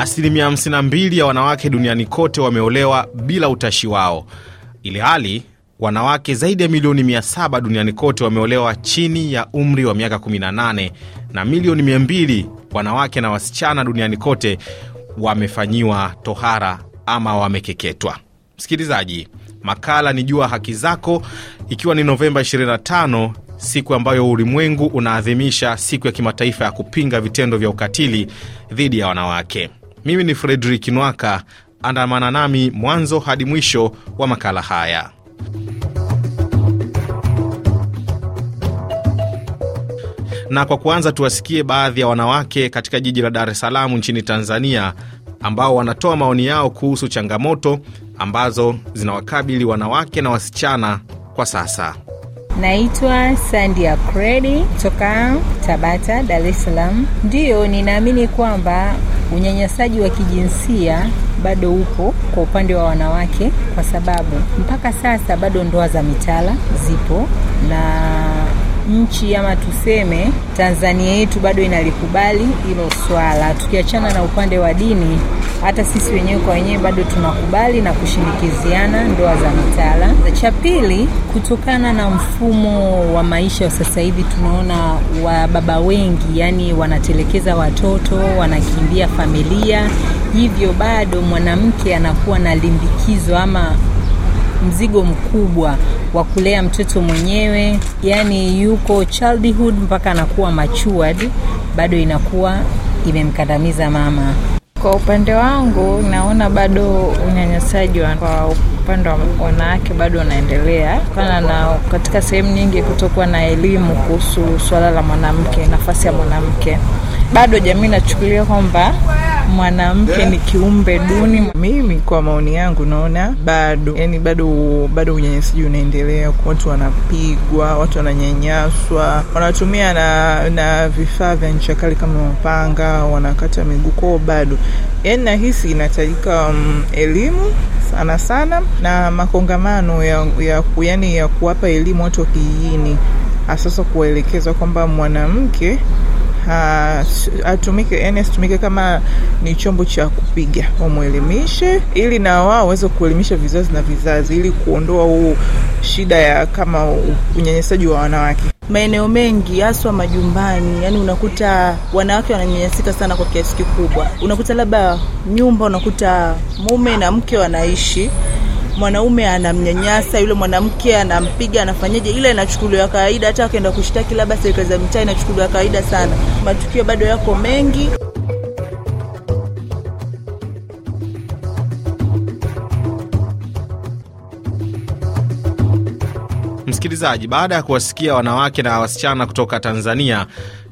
asilimia 52 ya wanawake duniani kote wameolewa bila utashi wao, ili hali wanawake zaidi ya milioni 700 duniani kote wameolewa chini ya umri wa miaka 18 na milioni 200 wanawake na wasichana duniani kote wamefanyiwa tohara ama wamekeketwa. Msikilizaji, makala ni Jua Haki Zako, ikiwa ni Novemba 25, siku ambayo ulimwengu unaadhimisha siku ya kimataifa ya kupinga vitendo vya ukatili dhidi ya wanawake. Mimi ni Fredrik Nwaka, andamana nami mwanzo hadi mwisho wa makala haya. Na kwa kuanza, tuwasikie baadhi ya wanawake katika jiji la Dar es Salaam nchini Tanzania ambao wanatoa maoni yao kuhusu changamoto ambazo zinawakabili wanawake na wasichana kwa sasa. Naitwa sandia Akredi kutoka Tabata, Dar es Salaam. Ndiyo, ninaamini kwamba unyanyasaji wa kijinsia bado upo kwa upande wa wanawake, kwa sababu mpaka sasa bado ndoa za mitala zipo na nchi ama tuseme Tanzania yetu bado inalikubali hilo swala. Tukiachana na upande wa dini, hata sisi wenyewe kwa wenyewe bado tunakubali na kushinikiziana ndoa za mitala. Cha pili, kutokana na mfumo wa maisha wa sasa hivi, tunaona wa baba wengi, yani wanatelekeza watoto, wanakimbia familia, hivyo bado mwanamke anakuwa na limbikizo ama mzigo mkubwa wa kulea mtoto mwenyewe, yani yuko childhood mpaka anakuwa matured, bado inakuwa imemkandamiza mama. Kwa upande wangu naona bado unyanyasaji kwa upande wa wanawake bado unaendelea kutokana na katika sehemu nyingi kutokuwa na elimu kuhusu swala la mwanamke, nafasi ya mwanamke. Bado jamii inachukulia kwamba mwanamke eh? ni kiumbe duni. Mimi kwa maoni yangu naona bado, yani bado bado unyanyasaji unaendelea, watu wanapigwa, watu wananyanyaswa, wanatumia na, na vifaa vya ncha kali kama mapanga, wanakata miguu kwao bado. Yani nahisi inahitajika um, elimu sana sana na makongamano ya, ya, yani ya kuwapa elimu watu wa kijijini, asasa kuwaelekeza kwamba mwanamke atumike, yani asitumike kama ni chombo cha kupiga, wamwelimishe ili na wao waweze kuelimisha vizazi na vizazi, ili kuondoa huu shida ya kama unyanyasaji wa wanawake maeneo mengi haswa majumbani, yani unakuta wanawake wananyanyasika sana kwa kiasi kikubwa. Unakuta labda nyumba, unakuta mume na mke wanaishi mwanaume anamnyanyasa yule mwanamke, anampiga, anafanyaje, ile inachukuliwa kawaida. Hata akaenda kushtaki labda serikali za mitaa, inachukuliwa kawaida sana. Matukio bado yako mengi. Msikilizaji, baada ya kuwasikia wanawake na wasichana kutoka Tanzania,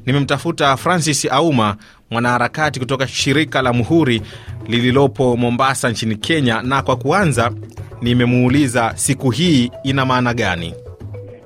nimemtafuta Francis Auma, mwanaharakati kutoka shirika la Muhuri lililopo Mombasa nchini Kenya, na kwa kuanza nimemuuliza siku hii ina maana gani.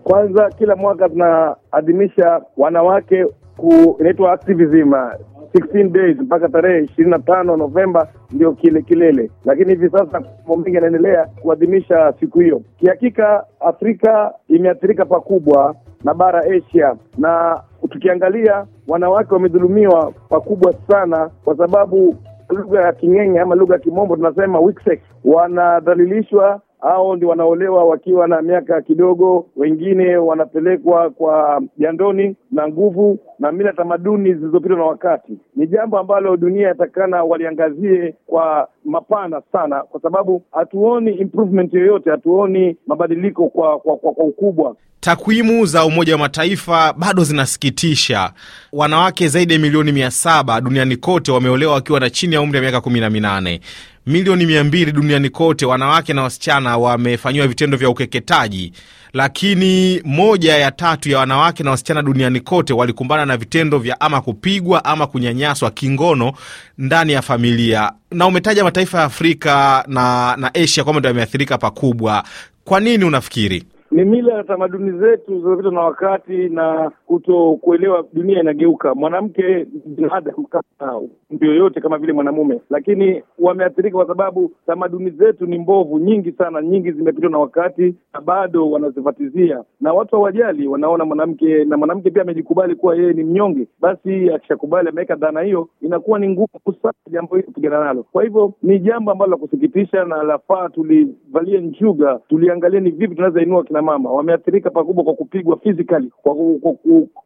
Kwanza, kila mwaka tunaadhimisha wanawake ku inaitwa activism 16 days mpaka tarehe ishirini na tano Novemba ndio kile kilele, lakini hivi sasa mambo mengi yanaendelea kuadhimisha siku hiyo. Kihakika Afrika imeathirika pakubwa na bara Asia, na tukiangalia wanawake wamedhulumiwa pakubwa sana, kwa sababu lugha ya king'enge ama lugha ya kimombo tunasema weak sex, wanadhalilishwa au ndio wanaolewa wakiwa na miaka kidogo, wengine wanapelekwa kwa jandoni na nguvu, na mila tamaduni zilizopitwa na wakati. Ni jambo ambalo dunia yatakana waliangazie kwa mapana sana, kwa sababu hatuoni improvement yoyote, hatuoni mabadiliko kwa, kwa, kwa, kwa ukubwa. Takwimu za Umoja wa Mataifa bado zinasikitisha. Wanawake zaidi ya milioni mia saba duniani kote wameolewa wakiwa na chini ya umri ya miaka kumi na minane milioni mia mbili duniani kote wanawake na wasichana wamefanyiwa vitendo vya ukeketaji, lakini moja ya tatu ya wanawake na wasichana duniani kote walikumbana na na vitendo vya ama kupigwa ama kunyanyaswa kingono ndani ya familia, na umetaja mataifa ya Afrika na, na Asia kwamba ndio yameathirika pakubwa. Kwa nini unafikiri? ni mila na tamaduni zetu zinazopita na wakati na kuto kuelewa. Dunia inageuka, mwanamke binadamu kama mtu yoyote, kama vile mwanamume, lakini wameathirika kwa sababu tamaduni zetu ni mbovu, nyingi sana, nyingi zimepitwa na wakati na bado wanazifatizia, na watu hawajali, wanaona mwanamke na mwanamke pia amejikubali kuwa yeye ni mnyonge, basi akishakubali, ameweka dhana hiyo, inakuwa ni ngumu sana jambo hili kupigana nalo. Kwa hivyo ni jambo ambalo la kusikitisha na lafaa tulivalie njuga, tuliangalie ni vipi tunaweza inua kina mama wameathirika pakubwa kwa kupigwa physically, kwa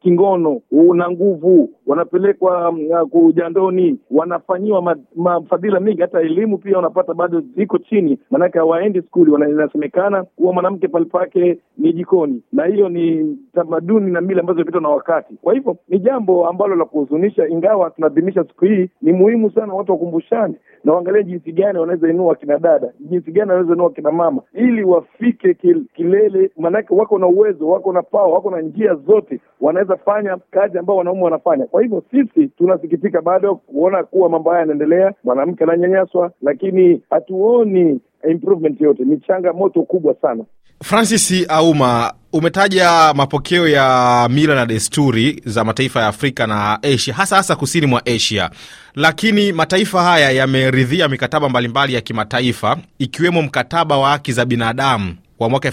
kingono na nguvu wanapelekwa mm, uh, kujandoni, wanafanyiwa mafadhila mengi, hata elimu pia wanapata bado iko chini, maanake hawaendi skuli. Inasemekana kuwa mwanamke pale pake ni jikoni, na hiyo ni tamaduni na mila ambazo zimepitwa na wakati. Kwa hivyo ni jambo ambalo la kuhuzunisha, ingawa tunaadhimisha siku hii, ni muhimu sana watu wakumbushane na waangalie jinsi gani wanaweza inua kina dada, jinsi gani wanaweza inua kina mama, ili wafike kil, kilele, maanake wako na uwezo, wako na pawa, wako na njia zote, wanaweza fanya kazi ambao wanaume wanafanya. Kwa hivyo sisi tunasikitika bado kuona kuwa mambo haya yanaendelea, mwanamke ananyanyaswa, lakini hatuoni improvement yote. Ni changamoto kubwa sana. Francis Auma, umetaja mapokeo ya mila na desturi za mataifa ya Afrika na Asia, hasa hasa kusini mwa Asia, lakini mataifa haya yameridhia mikataba mbalimbali ya kimataifa ikiwemo mkataba wa haki za binadamu wa mwaka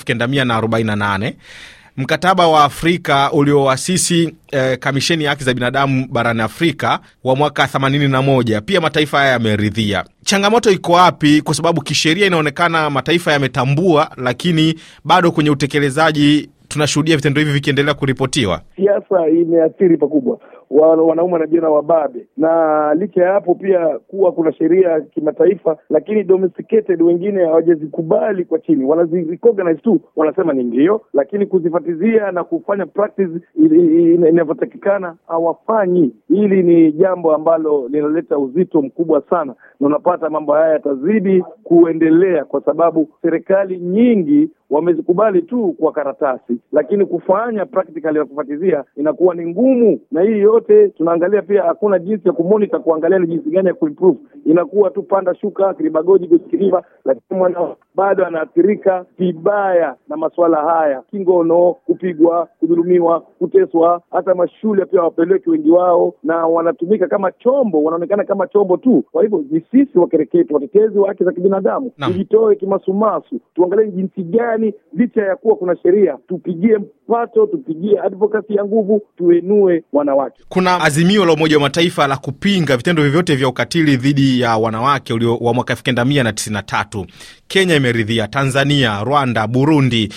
mkataba wa Afrika ulioasisi eh, kamisheni ya haki za binadamu barani Afrika wa mwaka 81 pia mataifa haya yameridhia. Changamoto iko wapi? Kwa sababu kisheria inaonekana mataifa yametambua, lakini bado kwenye utekelezaji tunashuhudia vitendo hivi vikiendelea kuripotiwa. Siasa imeathiri pakubwa wanaume wanajona wababe, na licha ya hapo pia kuwa kuna sheria ya kimataifa, lakini domesticated wengine hawajazikubali kwa chini, wanazirecognize tu, wanasema ni ndio, lakini kuzifatizia na kufanya practice inavyotakikana hawafanyi. Hili ni jambo ambalo linaleta uzito mkubwa sana, na unapata mambo haya yatazidi kuendelea kwa sababu serikali nyingi wamezikubali tu kwa karatasi, lakini kufanya practical ya kufuatilia inakuwa ni ngumu, na hii yote tunaangalia pia, hakuna jinsi ya kumonita kuangalia ni jinsi gani ya kuimprove, inakuwa tu panda shuka kiriba goji goji kiriba, lakini mwana bado anaathirika vibaya na masuala haya, kingono, kupigwa, kudhulumiwa, kuteswa. Hata mashule pia hawapeleki wengi wao, na wanatumika kama chombo, wanaonekana kama chombo tu. Kwa hivyo ni sisi wakereketi, watetezi wa haki za kibinadamu, tujitoe kimasumasu, tuangalie jinsi gani, licha ya kuwa kuna sheria, tupigie mpato, tupigie advokasi ya nguvu, tuinue wanawake. Kuna azimio la Umoja wa Mataifa la kupinga vitendo vyovyote vya ukatili dhidi ya wanawake ulio wa mwaka elfu kenda mia na tisini na tatu Kenya yameridhia. Tanzania, Rwanda, Burundi,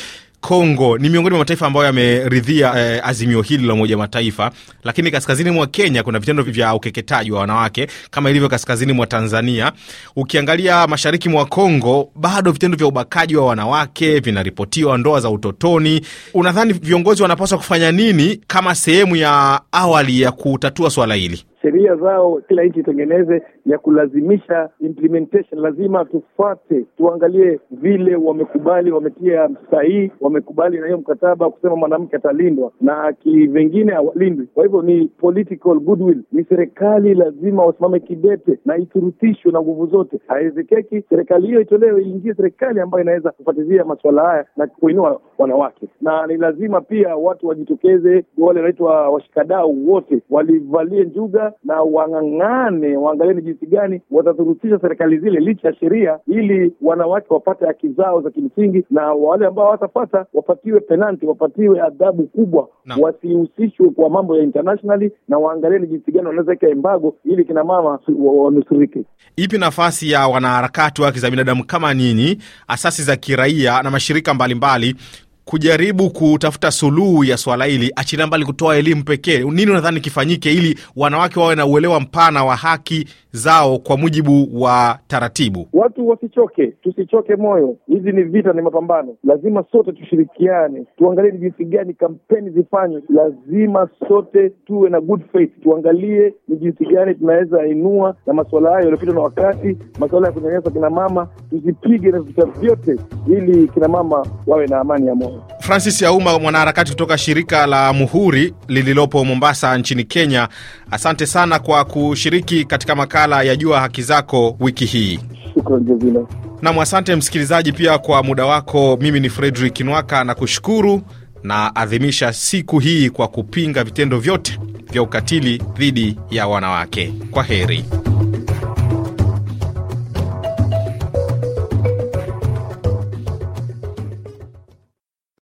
Kongo ni miongoni mwa mataifa ambayo yameridhia eh, azimio hili la Umoja wa Mataifa, lakini kaskazini mwa Kenya kuna vitendo vya ukeketaji wa wanawake kama ilivyo kaskazini mwa Tanzania. Ukiangalia mashariki mwa Kongo, bado vitendo vya ubakaji wa wanawake vinaripotiwa, ndoa za utotoni. Unadhani viongozi wanapaswa kufanya nini kama sehemu ya awali ya kutatua swala hili? sheria zao kila nchi itengeneze ya kulazimisha implementation. Lazima tufuate, tuangalie vile wamekubali, wametia sahihi, wamekubali na hiyo mkataba kusema mwanamke atalindwa na kivengine hawalindwi. Kwa hivyo ni political goodwill, ni serikali lazima wasimame kidete na iturutishwe na nguvu zote. Haiwezekeki serikali hiyo itolewe, iingie serikali ambayo inaweza kufuatilia masuala haya na kuinua wanawake, na ni lazima pia watu wajitokeze, wale wanaitwa washikadau wote walivalie njuga na wang'ang'ane, waangalie ni jinsi gani watazurusisha serikali zile licha ya sheria, ili wanawake wapate haki zao za kimsingi, na wale ambao hawatapata wapatiwe penalti, wapatiwe adhabu kubwa, wasihusishwe kwa mambo ya internationally, na waangalie ni jinsi gani wanaweza weka embago ili kina mama wanusurike. Ipi nafasi ya wanaharakati wa haki za binadamu kama nyinyi, asasi za kiraia na mashirika mbalimbali mbali kujaribu kutafuta suluhu ya swala hili, achilia mbali kutoa elimu pekee, nini unadhani kifanyike ili wanawake wawe na uelewa mpana wa haki zao kwa mujibu wa taratibu? Watu wasichoke, tusichoke moyo. Hizi ni vita, ni mapambano, lazima sote tushirikiane, tuangalie ni jinsi gani kampeni zifanywe. Lazima sote tuwe na good faith, tuangalie ni jinsi gani tunaweza inua na masuala hayo yaliyopitwa na wakati, masuala ya kunyanyasa kinamama tuzipige na vita vyote, ili kinamama wawe na amani ya moyo. Francis Yauma, mwanaharakati kutoka shirika la Muhuri lililopo Mombasa nchini Kenya, asante sana kwa kushiriki katika makala ya Jua Haki Zako wiki hii. Nam, asante msikilizaji pia kwa muda wako. Mimi ni Fredrik Nwaka na kushukuru na adhimisha siku hii kwa kupinga vitendo vyote vya ukatili dhidi ya wanawake. Kwa heri.